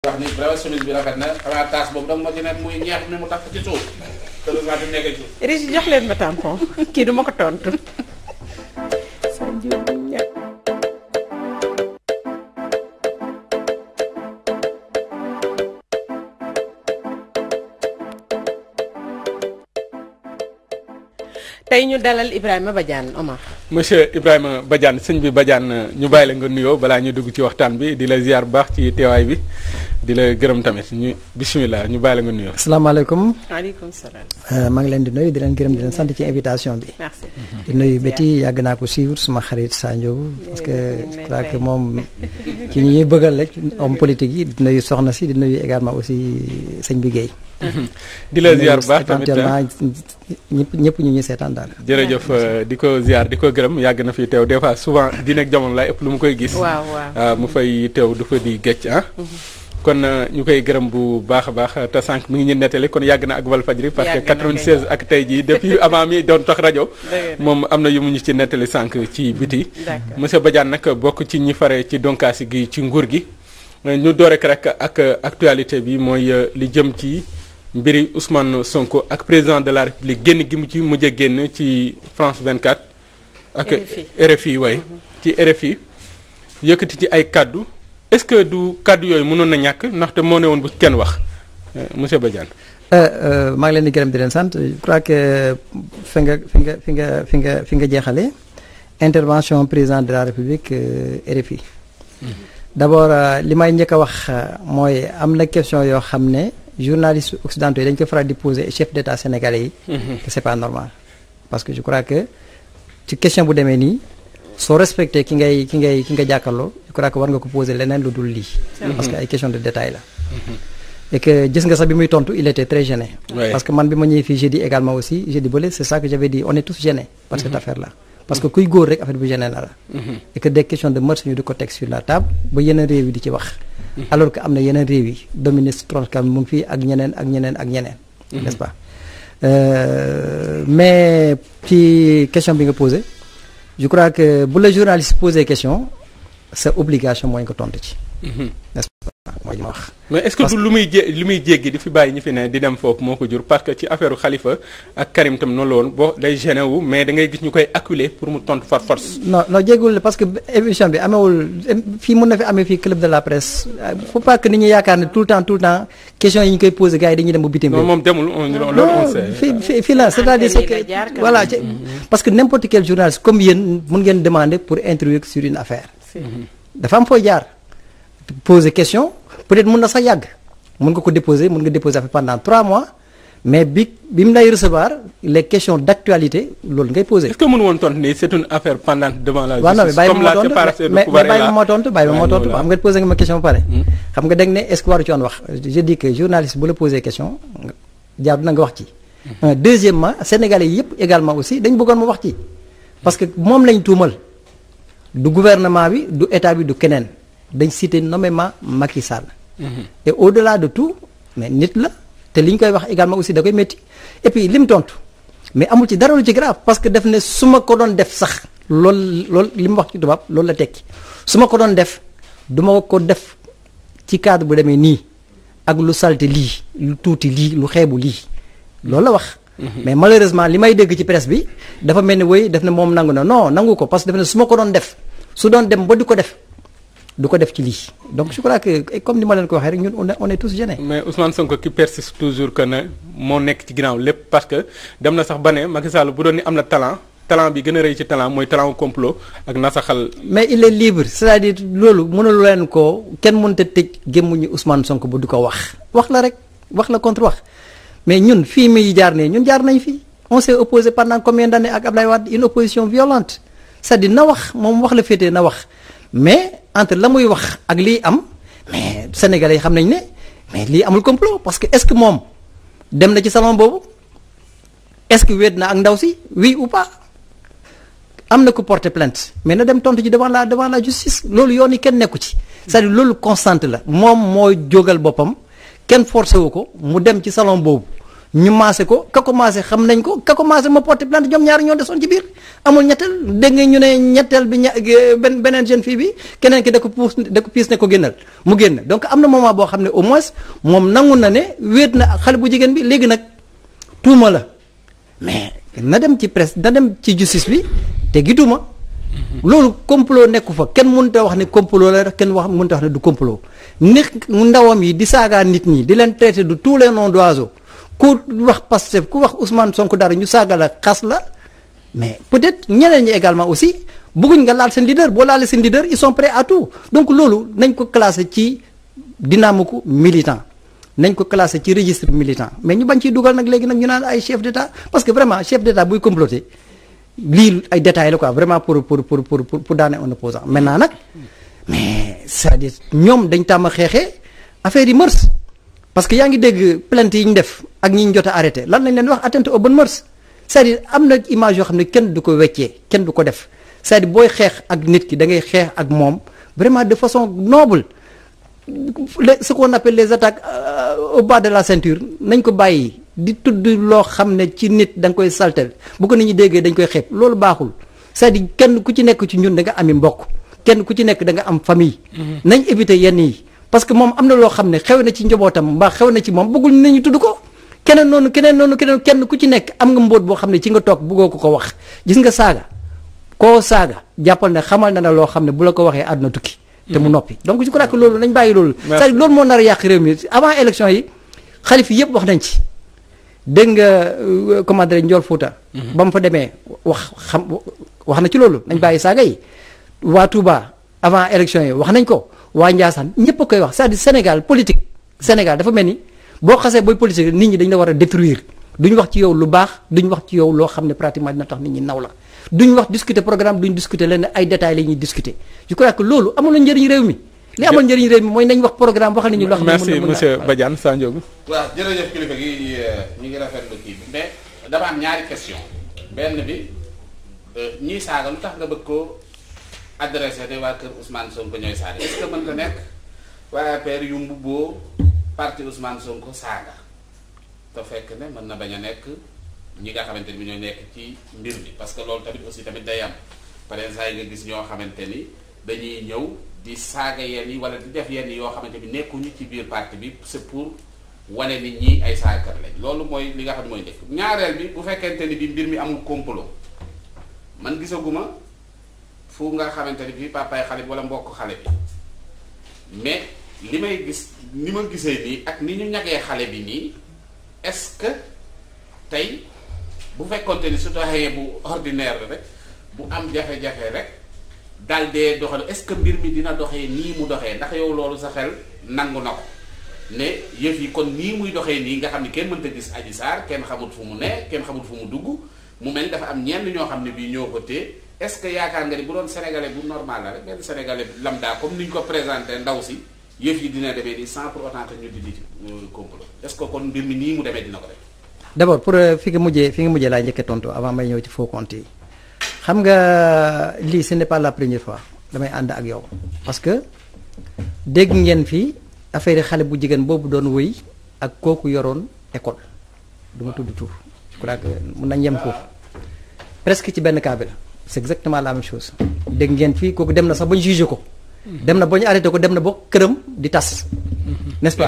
wax taas boobu danga ma ci nekk muy ñeex mi leen ma kii du ko tontu. tey ñu dalal Ibrahima Badiane Omar. monsieur Ibrahima Badiane sëñ bi Badiane ñu bàyyi la nga nuyoo balaa ñu dugg ci waxtaan bi di la ziar bu baax ci teewaay bi di la gërëm tamit ñu bisimilah ñu bàyyi la nga nuyoo. asalaamaaleykum. maaleykum salaam. Euh, maa ngi leen di nuyu di leen gërëm di leen sant ci invitation bi. merci di nuyu Betty yàgg naa ko suivre suma xarit Sadio. parce que je crois que moom ci ñi ñuy bëggal rek homme politique yi di nuyu soxna si di nuyu également aussi sëñ bi di la ziar bu baax tamit ah. ñëpp ñu ñuy seetaan daal. jërëjëf euh, di ko ziar di ko gërëm yàgg na fi teew des fois souvent di nekk jamono laa ëpp lu mu koy gis. waaw waaw ah, mu fay teew du fa kon euh, ñu koy gërëm bu baax a baax te sànq mu ngi ñu nettali kon yàgg na ak Walfadjri parce que 96 ak tey jii depuis avant mi doon tax rajo moom am na yu mu ñu ci nettali sànq ci biti monsieur Badiane nag bokk ci ñi fare ci donkaasi gi ci nguur gi ñu door rek rek ak actualité bi mooy euh, li jëm ci mbiri Ousmane Sonko ak président de la République génn gi mu ci mujj a génn ci France vingt 24 ak RFI way mm-hmm. ci RFI yëkkati ci ay kàddu est-ce que du kàddu yooyu mënoon na ñàkk ndaxte moo ne woon bu kenn wax euh, monsieur Badiane. Euh, euh, maa ngi leen di gërëm di leen sant je crois que fi nga fi nga fi nga fi nga fi nga jeexalee intervention président de la république RFI. Mm-hmm. d'abord li may njëkk a wax mooy am na question yoo xam ne journalistes occidentaux yi dañ ko faral di poser chef d'état sénégalais yi. Mm-hmm. que c'est pas normal parce que je crois que ci question bu demee nii. soo respecté ki ngay ki ngay ki nga jàkkaarloo je crois que war nga ko poser leneen lu dul lii. parce que ay question de détail la. Mm-hmm. et que nga sax bi muy tontu il était très gêné. Ouais. parce que man bi ma ñëwee fii j'ai également aussi j'ai bële c'est ça que j'avais dit on est tous gênés. par cette mm-hmm. affaire là. parce que kuy góor rek affaire bu gêné na la. Mm-hmm. et que des questions de mœurs ñu di ko teg sur la table ba yeneen réew yi di ci wax. alors que am na yeneen réew bi nga posé. je crois que bu la journaliste poser sa obligation mooy nga tontu ci. n'est-ce pas mooy li ma wax. mais est-ce que du lu muy jé lu muy jéggi di fi bàyyi ñu fi ne di dem foofu moo ko jur parce que ci affaire Khalifa ak Karim tam noonu la woon day gêné wu mais da ngay gis ñu koy acculé pour mu tontu for force. non non jéggul parce que émission bi amewul fii mën na fi amee fii club de la presse faut pas que nit yaakaar ne tout le temps tout le temps question yi ñu koy posé gars yi dañuy dem ba bitim. non moom demul on loolu on la c'est-à-dire c'est que voilà mm-hmm. yéen ngeen demander pour interview sur une affaire. dafa jaar. poser question peut-être mun na sax yàgg mun nga ko déposer mun nga déposer affaire pendant trois mois mais bi bi mu lay recevoir les questions d'actualité loolu ngay poser. est-ce que woon tontu ne c'est une affaire pendante devant la justice. comme la séparation de pouvoir mais bàyyi ma tontu bàyyi ma tontu xam nga posé nga ma question ba pare. Hmm. xam nga da ne est-ce wax. je dis que journaliste bu la posé question jaar na nga wax ci. Hmm. Euh, deuxièmement sénégalais yëpp également aussi dañ bëggoon mu wax ci. parce que moom lañ tuumal du gouvernement bi du état bi du keneen. dañ cité nommément Macky Sall. Mhm. et au delà de tout mais nit la te li koy wax également aussi da koy métti et puis lim tontu mais amul ci dara lu ci grave parce que def ne su ma ko doon def sax lool loolu li mu wax ci tubaab loolu la tekki su ma ko doon def du ma ko def ci cadre bu demee nii ak lu salte lii lu tuuti lii lu xeebu lii loolu la wax. Mhm. mais malheureusement li may dégg ci presse bi dafa mel ni woy def ne moom nangu na non nangu ko parce que def su ma ko doon def su doon dem ba di ko def. du ko def ci lii donc je crois que comme ni ma leen ko waxee rek ñun on est on est tous gênés. mais Ousmane Sonko qui persiste toujours que ne moo nekk ci ginnaaw lépp parce que dem na sax ba ne Macky Sall bu doon ni am na talent talent bi gën a rëy ci talent mooy talent complot ak nasaxal. mais il est libre c'est-à-dire loolu mënul leen ko kenn mënut a tëj gémmuñu Ousmane Sonko bu du ko wax. wax la rek wax la contre wax mais ñun fii muy jaar ne ñun jaar nañ fii on s'est opposé pendant combien d'années ak Abdoulaye Wade une opposition na wax moom wax la féetee na wax mais. entre la muy wax ak lii am mais sénégalais xam nañ ne mais lii amul complot parce que est-ce que moom dem na ci salon boobu est-ce que wéet na ak ndaw si oui ou pas am na ko porter plante mais na dem tontu ji devant la devant la justice loolu yoon yi kenn nekku ci sa à loolu constant la moom moo jógal boppam kenn forcé wu ko mu dem ci salon boobu ñu maase ko ka ko maase xam nañ ko ka ko maase ma porté plainte ñoom ñaari ñoo desoon ci biir amul ñetteel dégg nga ñu ne ñetteel bi ña benn beneen jeune fille bi keneen ki da ko puus ko piis ne ko génnal mu génn donc am na moment boo xam ne au moins moom nangu na ne wéet na xale bu jigéen bi léegi nag tuuma la mais na dem ci presse na dem ci justice bi te gi loolu complot nekku fa kenn mun te wax ne complot la kenn wax mun a wax ne du complot ni ndawam yi di saagaa nit ñi di leen traité de tous les noms d'oiseaux ku wax Pastef ku wax Ousmane Sonko dara ñu saaga la xas la mais peut-être ñeneen ñi également aussi bëgguñ nga laal seen leader boo laalee seen leader ils sont prêts à tout donc loolu nañ ko classé ci dynamique militant nañ ko classé ci registre militant mais ñu bañ ciy dugal nag léegi nag ñu naan ay chef d'état parce que vraiment chef d'état buy comploter lii ay détails la quoi vraiment pour pour pour pour pour daane un opposant maintenant nag mais cest à ñoom dañ tàmm a xeexee affaire yi mërs parce que yaa ngi dégg plainte yi ñu def ak ñi ñu jot a arrêté lan lañ leen wax atteinte aux bonnes mœurs am na image yoo xam ne kenn du ko weccee kenn du ko def cest booy xeex ak nit ki da ngay xeex ak moom vraiment de façon noble les ce qu'on les attaques euh, au bas de la ceinture nañ ko bàyyi di tudd loo xam ne ci nit da koy saltel bu ko nit ñu déggee dañ koy xeeb loolu baaxul c'est-à-dire kenn ku ci nekk ci ñun da nga ami mbokk kenn ku ci nekk da nga am famille. Mm-hmm. nañ éviter yenn yi. parce que moom am na loo xam ne xew na ci njabootam mbaa xew na ci moom bëggul nañu tudd ko keneen noonu keneen noonu keneen kenn ku ci nekk am nga mbóot boo xam ne ci nga toog bëggoo ko ko wax gis nga saaga koo saaga jàppal ne xamal na na loo xam ne bu la ko waxee àdduna tukki te mu mm-hmm. noppi donc je crois que loolu nañ bàyyi loolu c'est-à-dire loolu moo nar a yàq réew mi yi xalif yëpp wax nañ ci dégg nga euh, comment dire Ndiol mm-hmm. ba mu fa demee wax xam wax na ci loolu nañ bàyyi saaga yi waa avant élection yi wax nañ ko waa Ndiassane ñëpp koy wax cest à Sénégal politique Sénégal dafa mel ni boo xasee booy politique nit ñi dañu la war a détruire duñ wax ci yow lu baax duñ wax ci yow loo xam ne pratiquement dina tax nit ñi naw la duñ wax discuter programme duñ discuter lenn ay détails la ñuy discuter je crois que loolu amul njëriñ réew mi. li amoon njëriñ réew mi mooy nañ wax programme waxal nañu. loo xam ne merci monsieur Badiane Sandiogou. waaw jërëjëf kilifa gi ñu ngi rafetlu kii bi mais dama am ñaari euh, ko adressé ne waa kër Ousmane Sonko ñooy saaga est sa que mën na nekk waa APR yu mbubboo parti Ousmane Sonko saaga te fekk ne mën na bañ a nekk ñi nga xamante ni bi ñoo nekk ci mbir mi parce que loolu tamit aussi tamit day am par exemple nga gis ñoo xamante ni dañuy ñëw di saaga yenn yi wala def yenn yoo xamante bi nekkuñu ci biir parti bi c'est pour wane nit ñi ay saakar loolu mooy li nga xam ne mooy njëkk ñaareel bi bu fekkente ni bi mbir mi amul complot man gisaguma fu nga xamante ne bii papaay xale bi wala mbokk xale bi mais li may gis ni ma gisee nii ak ni ñu ñagee xale bi nii est-ce que tey bu fekkonte ni su citoyen bu ordinaire rek bu am jafe-jafe rek daal dee doxal est-ce que mbir mi dina doxee nii mu doxee ndax yow loolu sa xel nangu na ko ne yëf yi kon nii muy doxee nii nga xam ne kenn mënta gis Adji Sarr kenn xamul fu mu ne kenn xamul fu mu dugg mu mel ni dafa am ñenn ñoo xam ne bii ñoo ko est-ce que yaakaar nga ni bu doon sénégalais bu normal la rek benn sénégalais lambda comme ni ñu ko présenté ndaw si yëf yi dina demee nii euh, euh, fi nga mujjee fi nga mujjee laay njëkkee tontu avant may ñëw ci faux compte nga euh, lii ce n'est la fois damay ànd ak yow parce que dégg ngeen fi affaire xale bu jigéen boobu doon wëy ak kooku yoroon école duma tudd tur je mun nañ yem foofu presque ci benn cas la. c' exactement la même chose dégg ngeen fii kooku dem na sax ba ñu ko. dem na ba ñu ko dem na ba këram di tas. n' est ce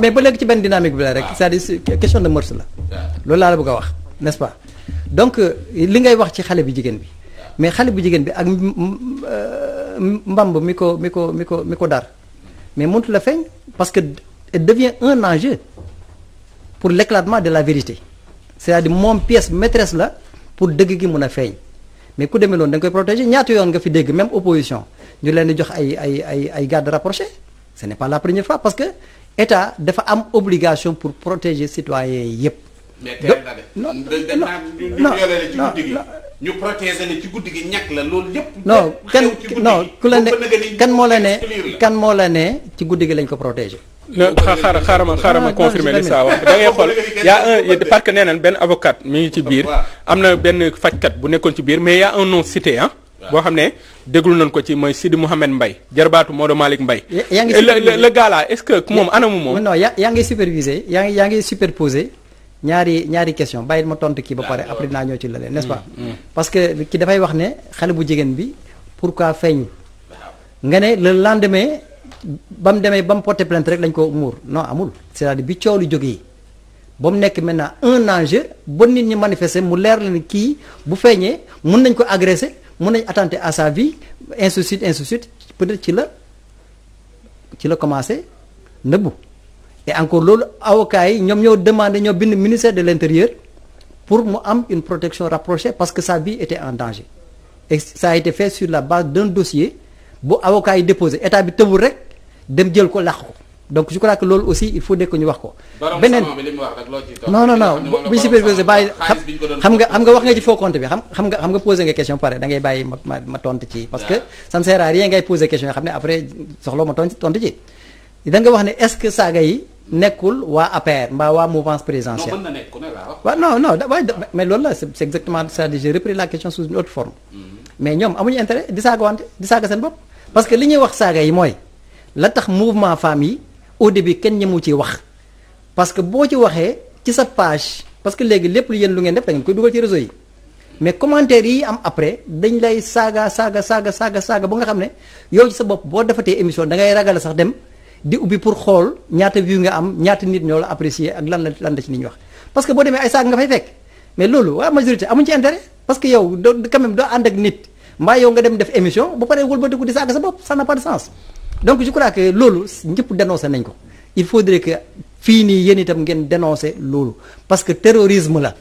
mais ba lekk ci benn dynamique bi la rek. Ah. c' est à dire question de mœurs la. Ah. loolu laa la bëgg wax n' est donc euh, li ngay wax ci xale bi jigéen bi. Ah. mais xale bu jigéen bi ak euh, mbamb mi ko mi ko mi ko dar mais mëntu la feeñ parce que devient un enjeu pour l' de la vérité. c'est-à-dire moom pièce maîtresse la pour dëgg gi mun a feeñ mais ku demee noonu da nga koy protéger ñaata yoon nga fi dégg même opposition ñu leen di jox ay ay ay ay garde rapprochés ce n'est pas la première fois parce que état dafa am obligation pour protéger citoyens yi yëpp. mais teel na de. non non loolu lépp. non kenn non ku la moo la ne kan moo la ne ci guddi gi lañ ko protéger. xaaral xaaral ma xaaral ma ah, confirmer li saa wax xool y'a un parce que nee nañ benn avocat mi ngi ci biir ah, am na benn fajkat bu nekkoon ci biir mais y'a un nom cité ah boo xam ne déglu nañ ko ci mooy Sidi Mouhamed mbay jarbaatu Maodo Malick Mbaye le gars là est-ce que moom anamu moom non yaa ngi supervisé yaa ngi yaa ngi superposé ñaari ñaari question bàyyil ma tontu kii ba pare après dinaa ñëw ci lële n'est-ce pas mm, mm. parce que ki dafay wax ne xale bu jigéen bi pour pourquoi feeñ nga ne le lendemain ba mu demee ba mu porté plainte rek lañ ko muur non amul c'est-à-dire bi coow lu jógee ba mu nekk maintenant un enjeu ba nit ñi manifester mu leer la ni kii bu feeñee mun nañ ko agressé mun nañ attenter à sa vie ainsi de suite ci la ci la commencé nëbbu et encore loolu avocats ñoom ñoo demandé ñoo bind ministère de l'intérieur pour mu am une protection rapprochée parce que sa vie était en danger et ça a été fait sur la base d'un dossier bu avocats déposé état bi tëbul rek. dem jël ko làq ko donc je crois loolu aussi il faut nekk ñu wax ko. beneen non non non bu ñu supervisé bàyyi xam nga xam nga wax nga ci faux compte bi xam xam nga xam nga posé nga pare da bàyyi ma ma ma ci. parce que ça ne ngay posé question yoo xam ne après soxla ma tontu ci. da wax ne est-ce que saaga yi nekkul waa APR mbaa waa mouvance présidentielle. non mën na nekk ku ne la waaw non non waaye mais question sous une autre mm-hmm. mais ñoom amuñu intérêt di saagawante di saaga seen bopp. parce que li ñuy wax saaga yi mooy la tax mouvement femmes yi au début kenn ñemu ci wax parce que boo ci waxee ci sa page parce que léegi lépp lu yéen lu ngeen def da ngeen koy dugal ci réseau yi mais commentaire yi am après dañ lay saaga saaga saaga saaga saaga ba nga xam ne yow ci sa bopp boo defatee émission da ngay ragal sax dem di ubbi pour xool ñaata view nga am ñaata nit ñoo la apprécier ak lan la lan la ci nit wax. parce que boo demee ay saaga nga fay fekk mais loolu waa majorité amuñ ci intérêt parce que nit mbaa yow nga dem def émission ba pare wëlbatiku di saaga sa bopp ça n'a pas de donc je crois que loolu ñëpp dénoncé nañ ko il faudrait que fii nii yéen itam ngeen dénoncé loolu parce que terrorisme la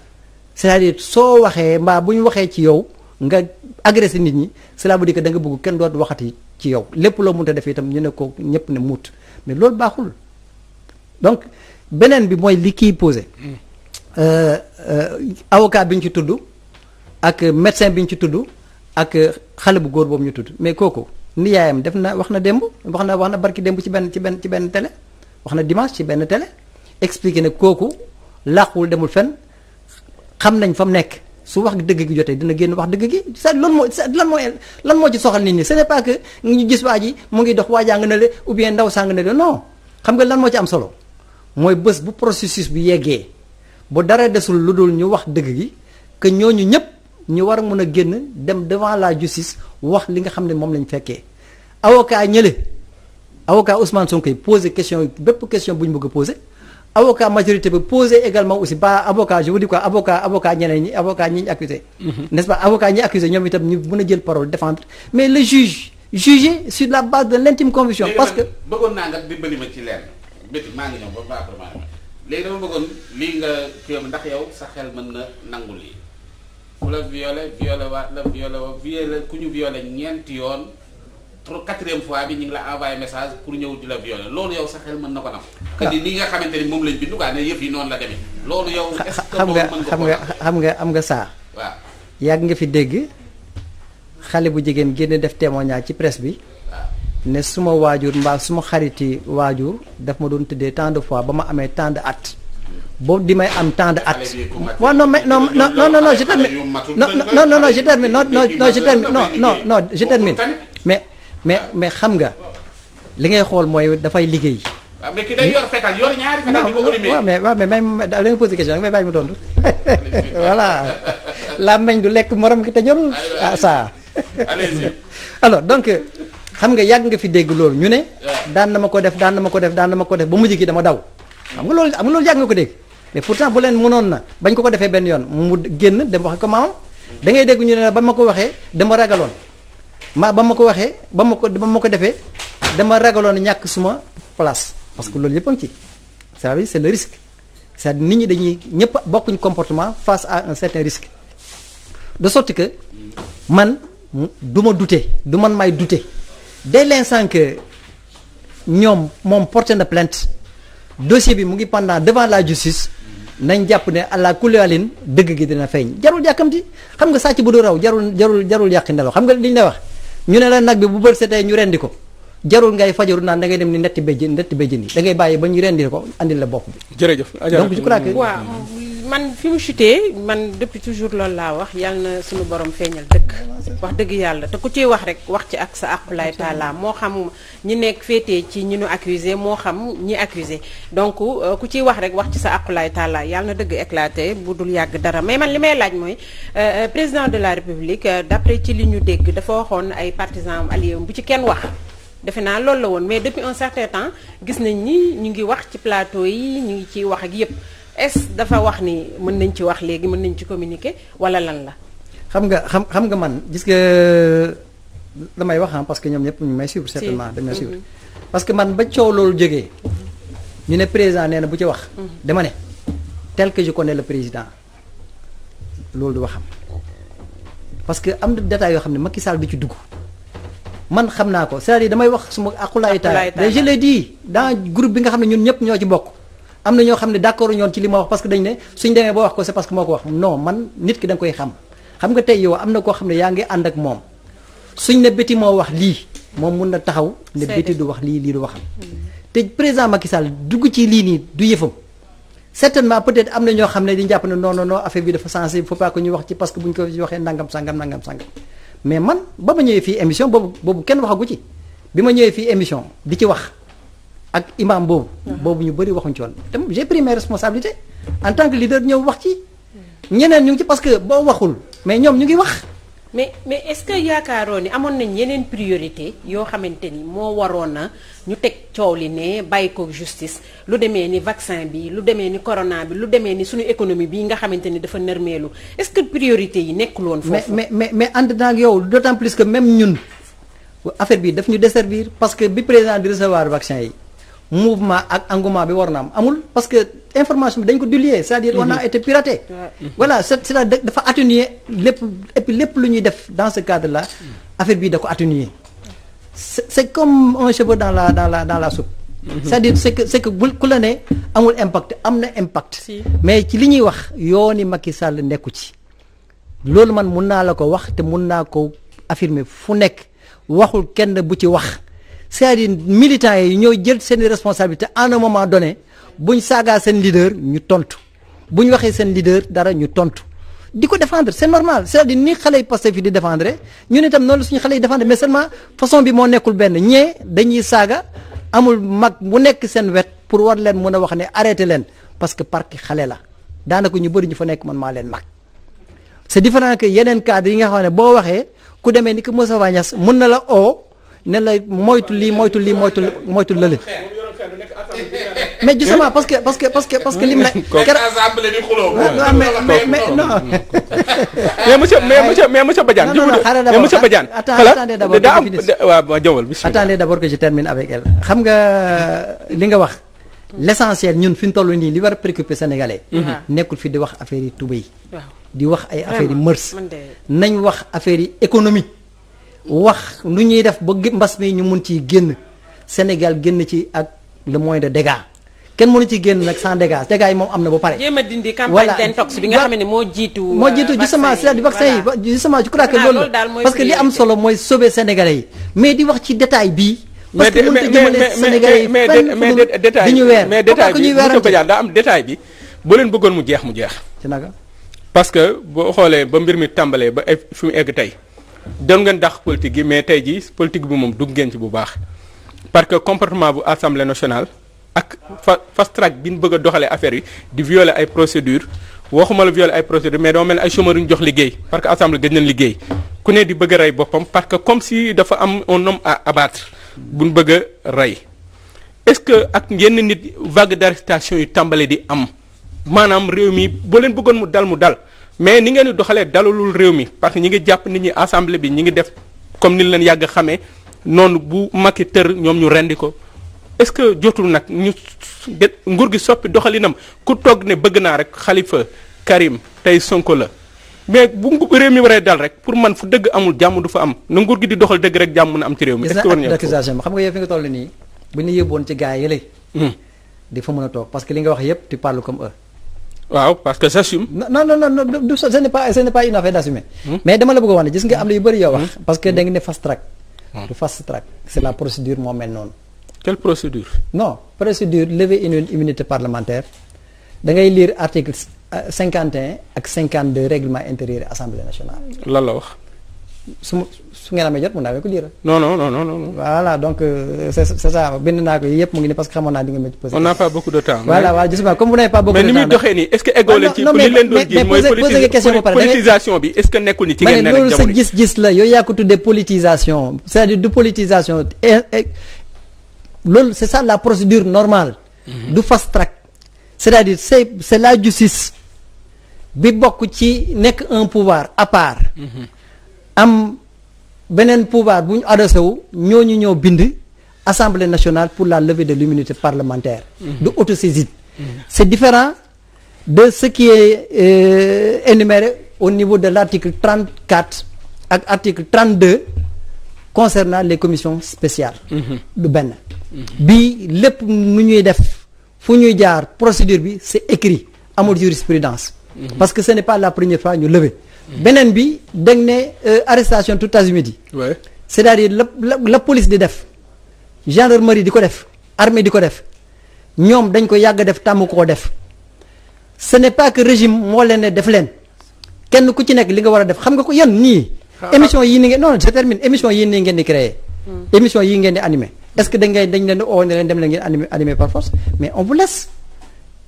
c'est-à-dire soo waxee mbaa bu ñu waxee ci yow nga agressé nit ñi cela veut dire que da nga bëgg kenn dootu waxati ci yow lépp loo mënta def itam ñu ne ko ñëpp ne muut mais loolu baaxul donc beneen bi mooy li kii posé euh, euh, avocat bi ñu ci tudd ak médecin bi ñu ci tudd ak xale bu góor boobu ñu tudd mais kooku nijaayam def na wax na démb wax na wax na barki démb ci benn ci benn ci benn télé wax na dimanche ci benn tele expliqué nag kooku làquwul demul fenn xam nañ fa mu nekk su wax dëgg gi jotee dina génn wax dëgg gi sa lan moo lan moo lan moo ci soxal nit ñi ce n'est pas ngi ñu gis waa ji mu ngi dox waajaa nga ne le ou bien ndaw sàng ne le non xam nga lan moo ci am solo mooy bés bu processus bi yeggee bu dara desul lu dul ñu wax dëgg gi que ñooñu ñëpp. ñu war a mun a génn dem devant la justice wax li nga xam ne moom lañ fekkee avocat ñële avocat Ousmane Sonko yi posé question yi bépp question bu ñu bëgg a posé avocat majorité bi posé également aussi ba avocat je vous dis quoi avocat avocat ñeneen ñi avocat ñi ñu mhm. nest pas avocat ñi accusé ñoom itam ñu mun a jël parole défendre mais le juge jugé sur la base de l'intime conviction parce que bëggoon naa nga dimbali ma ci leer béti maa ngi ñëw ba ba léegi ndax yow sa xel mën na nangul ku la violé violé waat la ku ñu violé ñeenti yoon trop quatrième fois bi ñu ngi la envoyé message pour ñëw di la violé loolu yow sax xel mën na ko nam ah. que ni li nga xamante ni moom lañ bindu quoi ne yëf yi noonu la demee loolu yow est-ce xam nga xam nga xam nga am nga saa waaw yàgg nga fi dégg xale bu jigéen génn def témoignage ci presse bi ne suma waajur mbaa suma xariti waajur daf ma doon tëddee tant de fois ba ma amee tant de at boobu di may am temps de at. waaw non mais non non non non non je termine non non non non je termine non non non je termine non non non je termine mais mais mais xam nga li ngay xool mooy dafay liggéey. waaw ah, mais ki day yor fetal yor ñaari fetal di ko limee waaw mais waaw mais may da nga posé question da nga may bàyyi mu tontu voilà la meñ du lekk morom ki te ñorul ah ça. alors donc xam nga yàgg nga fi dégg loolu ñu ne. daan na ma ko def daan na ma ko def daan na ma ko def ba mujj gi dama daw. xam nga loolu am nga loolu yàgg nga ko dégg. mais pourtant bu leen mënoon na bañ ko ko defee benn yoon mu génn dem wax ko maamam da ngay dégg ñu ne ba ma ko waxee dama ragaloon ma ba ma ko waxee ba ma ko ma ko defee dama ragaloon ñàkk suma place parce que loolu yëpp a ci c'est-à-dire c'est le risque cest nit ñi dañuy ñëpp bokkuñ comportement face à un certain risque de sorte que man du ma douter du man may douter dès l'instant que ñoom moom porté na plainte dossier bi mu ngi pendant devant la justice nañ jàpp ne allah kulli alin dëgg gi dina feeñ jarul yàkkamti xam nga sàcc bu du raw jarul jarul jarul yàqi ndelaw xam nga li ñu lay wax ñu ne la nag bi bu bër setee ñu rendi ko jarul ngay fajaru naan da ngay dem ni netti béjjën netti béjjën yi da ngay bàyyi ba ñu rendi ko andil la bopp bi jërëjëf donc je crois que man fi mu chuté man depuis toujours loolu laa wax yàlla na suñu borom feeñal dëkk wax dëgg yàlla te ku ciy wax rek wax ci ak sa aqulay taala moo xam ñi nekk féetee ci ñi nu moo xam ñi accusé donc euh, ku ciy wax rek wax ci sa aqulay taala yàlla na dëgg éclaté bu dul yàgg dara mais man li may laaj mooy euh, euh, président de la république d'après ci li ñu dégg dafa waxoon ay partisans alliés bu ci kenn wax defe naa loolu la woon mais depuis un certain temps gis nañ ni ñu ngi wax ci plateau yi ñu ngi ciy wax ak yépp est dafa wax ni mën nañ ci wax léegi mën nañ ci communiquer wala lan la. xam nga xam xam nga man gis nga damay wax ah, parce que ñoom ñëpp ñu may suivre certainement dañ may mhm. suivre parce que man ba coow loolu jógee ñu ne président nee bu ci wax. Mhm. dama ne tel que je connais président loolu du waxam parce que am na détails yoo xam ne Macky Sall du ci dugg. man xam naa ko c'est-à-dire wax suma akulaay taay mais je l'ai dit dans groupe bi nga xam ne ñun ñëpp ñoo ci bokk am na ñoo xam ne d'accord ñoon ci li ma wax parce que dañ ne suñ demee boo wax ko c'est parce moo ko wax non man nit ki da koy xam xam nga tey yow am na koo xam ne yaa ngi ànd ak moom suñ ne béti moo wax lii moom mun na taxaw ne béti du wax lii lii du waxam te président Macky Sall dugg ci lii nii du yëfam certainement peut-être am na ñoo xam ne di jàpp ne non non non affaire bi dafa sensible faut pas que ñu wax ci parce que bu ñu ko waxee nangam sangam nangam man ba ma ñëwee fii émission boobu boobu kenn waxagu ci bi ma ñëwee fii émission di ci wax ak imam boobu. boobu ñu bëri waxuñ ci woon te j'ai pris mes responsabilités en tant que leader ñëw wax ci. ñeneen ñu ngi ci parce que boo waxul mais ñoom ñu ngi wax. mais mais est-ce que yaakaaroon ni amoon nañ yeneen priorité yoo xamante ni moo waroon na ñu teg coow li ne bàyyi ko justice lu demee ni vaccin bi lu demee ni corona bi lu demee ni suñu économie bi nga xamante ni dafa nërmeelu est-ce que priorité yi nekk loon foofu mais mais mais ànd naag yow d'autant plus que même ñun affaire daf ñu desservir parce que bi président di recevoir mouvement ak engouement bi war na am amul parce que information bi dañ ko diluer c'est-à-dire on a mhm. été piraté voilà c'est-à-dire dafa atténuer lépp et lépp lu ñuy def dans ce cadre la mm. affaire bii da ko atténuer c'est comme un cheveu dans la dans la dans la soupe mhm. c'est-à-dire c'est que c'est ku la ne amul impact am na impact mais ci li ñuy wax yooni Macky Sall nekku ci loolu man mun naa la ko wax te mun naa ko affirmer fu nekk waxul kenn bu ci wax c'est-à-dire militants yi ñooy jël seen responsabilité en un moment donné buñ saagaa seen leader ñu tontu buñ waxee seen leader dara ñu tontu di ko défendre c'est normal c'est-à-dire ni xale yi Pastef fi di défendre ñun itam noonu la suñu xale yi défendre mais seulement façon bi moo nekkul benn ñee dañuy saaga amul mag bu nekk seen wet pour war leen mën a wax ne arrêté leen parce que parti xale la daanaka ñu bëri ñu fa nekk man maa leen mag c'est différent que yeneen cadre yi nga xam ne boo waxee ku demee ni que Moussa Niass mën na la oo ne la moytu lii moytu lii moytu moytu lële. mais justement parce que parce que parce que parce que lim la. mais mais non. mais monsieur mais monsieur mais monsieur Badiane. non non xaaral d'abord monsieur Badiane. attendez d'abord daa am waaw jawwal bismillah. attendez d'abord que je termine avec elle. xam nga li nga wax. l'essentiel ñun fi ñu toll nii li war a préoccuper sénégalais. Mhm. Ah. nekkul fi di wax affaire yi Touba yi. di wax ay affaires yi mërs. nañ wax affaire yi économique. wax lu ñuy def ba mbas mi ñu mun ci génn Sénégal génn ci ak le moyen de dégâts kenn mënu ci génn nag sans dégâts dégâts yi moom am na ba pare. jéem a dindi campagne d'intox bi nga xam ne moo jiitu. moo euh, jiitu justement c'est-à-dire vaccin yi que loolu parce que li am solo mooy sauver sénégalais yi mais di wax ci détail bii. parce que mënut a jëmale sénégalais yi mais mais détail bi mais détail bi daa am boo leen bëggoon mu jeex mu jeex. ci naka parce que boo xoolee ba mbir mi tàmbalee ba e- fi mu egg tey doon ngeen dàq politique yi mais tey ji politique bi moom dugg ngeen ci bu baax parce que comportement bu assemblée nationale ak fa fast track bi ñu bëgg a doxalee affaire yi di violer ay procédure waxuma la violer ay procédure mais doo mel ay chômeurs yu jox liggéey parce que assemblée gëj nañ liggéey ku ne di bëgg a rey boppam parce que comme si dafa am un homme à bu ñu bëgg rey est-ce que ak yenn nit vague d'arrestation yu tàmbale di am maanaam réew mi boo leen bëggoon mu dal mu dal. mais ni ngeen di doxalee dalalul réew mi parce que ñi ngi jàpp nit ñi assemblée bi ñi ngi def comme ni leen yàgg xamee noonu bu Macky tër ñoom ñu rendi ko est-ce que jotul nag ñu nguur gi soppi doxalinam ku toog ne bëgg naa rek xalifa Karim tey Sonko la mais bu réew mi waree dal rek pour man fu dëgg amul jàmm du fa am na nguur gi di doxal dëgg rek jàmm na am ci réew mi. est-ce que hmm. di fa mën a toog parce que li nga wax yëpp tu parles comme eux. waaw parce que j'assume. non non non non ce n'est pas ce n'est pas une affaire d'assumer. Hmm? mais dama la bëgg a wax ne gis nga am na yu bëri yoo wax. Hmm? parce que da ne hmm? fast track. du fast track c'est la procédure moo mel noonu. quelle procédure. non procédure lever une immunité parlementaire da ngay lire article cinquante et un ak cinquante deux règlement intérieur assemblée nationale. lan la wax. su ma su ngeen amee jot mun naa leen ko liiral. non non non non non. voilà donc euh, c' est c' est ça bind naa ko yëpp mu ngi nii parce que xamoon naa di nga métti posé. on n' a pas ni muy doxee nii est ce que eggoo leen ah, ci pour li leen bi est ce que nekkul ni ci ngeen ne loolu sa gis-gis la yooyu yaa ko tuddee politisation c' à dire du politisation loolu c' ça la procédure normal mhm. du fast track. c' est à dire c' la justice bi bokk ci nekk un pouvoir à part. Mhm. am beneen pouvoir bu ñu adressé wu ñooñu ñoo bind assemblée nationale pour la levée de l'immunité parlementaire mmh. de autosaisine c'est différent de ce qui est euh, énuméré au niveau de l'article 34 ak article deux concernant les commissions spéciales mmh. du benn mmh. bi lépp nu ñuy def fu ñuy jaar procédure bi c'est écrit amul jurisprudence parce que ce n'est pas la première fois ñu lever beneen bi dañ ne euh, arrestation tout azimut yi c'est-à-dire la la police di def gendarmerie di ko def armée di ko def ñoom dañ ko yàgg def tàmm koo def ce n'est pas que régime moo leen def leen kenn ku ci nekk li nga war a def xam nga ko yan nii ah, ah. émission yi ni ngeen non je termine émission ngeen di créer hmm. émission yi ngeen di animer est-ce que dañ ngay dañ leen di oo ne leen dem leen ngeen animer animer par force mais on vous laisse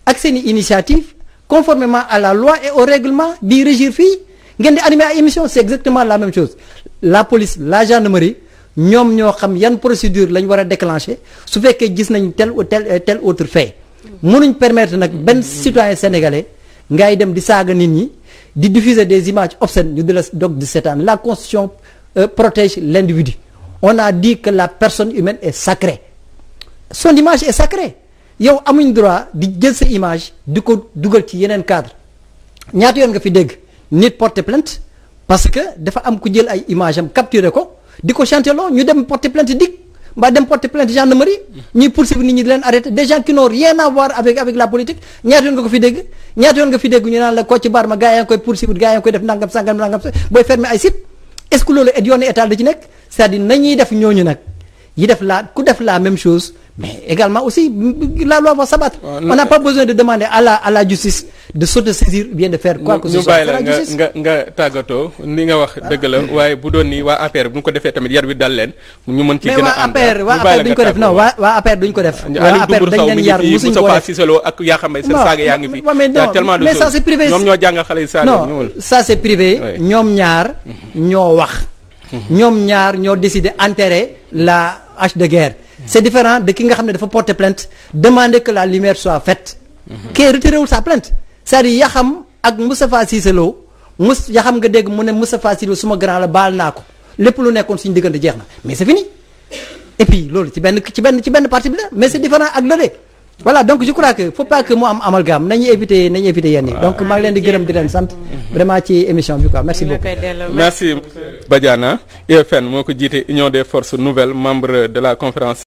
ak seeni initiative conformément à la loi et au règlement bii régir fii ngeen di animer ay émission c'est exactement la même chose la police la gendarmerie ñoom ñoo xam yan procédure lañ war a déclencher su fekkee gis nañ tel ou tel euh, tel autre fait mënuñ permettre nag benn citoyen sénégalais ngay dem di saaga nit ñi di diffuser des images obscènes ñu di la dog di seetaan la constitution euh, protège l'individu on a dit que la personne humaine et sacrée son image est sacrée yow amuñ droit di jël sa image di ko dugal ci yeneen cadre ñaata yoon nga fi dégg nit porter plainte parce que dafa am ku jël ay image am capturé ko di ko chanteloo ñu dem porter plainte dik mbaa dem porter plainte gendarmerie ñuy poursuivre nit ñi di leen arrêté des gens qui rien à avec avec la politique ñaata yoon nga ko fi dégg ñaata yoon nga fi dégg ñu naan la ko ci baar gaa yaa ngi koy poursuivre gaa yaa ngi koy def nangam sangam nangam booy fermer ay site est-ce que loolu yoonu ci nekk cest à nañuy def ñooñu nag yi def la ku def la même chose mais également aussi la loi va s'abattre on n'a euh, pas besoin de demander à la à la justice de s'autosaisir ou bien de faire quoi que ce la nga nga tàggatoo ni nga wax dëgg la waaye bu doon nii waa APR bu ñu ko defee tamit yar wi dal leen ñu mën ci gën a ànd mais waa APR duñ ko def non waa waa APR ko def waa APR dañ leen ko def Siselo ak yaa xam ne seen saaga yaa ngi fi tellement de mais ça hache de guerre. c'est différent de ki nga xam ne dafa porter plainte demande que la lumière soit faite. Mhm. kii retiré wul sa plainte. c'est-à-dire xam ak Moustapha Cissé Lo mus yaa xam nga dégg mu ne Moustapha Cissé Lo suma grand la baal naa ko lépp lu nekkoon suñu diggante jeex na mais c'est fini et puis loolu ci benn ci benn ci benn partie bi la mais c'est différent ak lële. voilà donc je crois que faut pas que mu am amalgame nañu éviter nañu éviter yenn yi donc maa leen di gërëm di leen sant vraiment ci émission bi quoi merci beaucoup merci Badiana UFN moo ko jiite Union des forces nouvelles membre de la conférence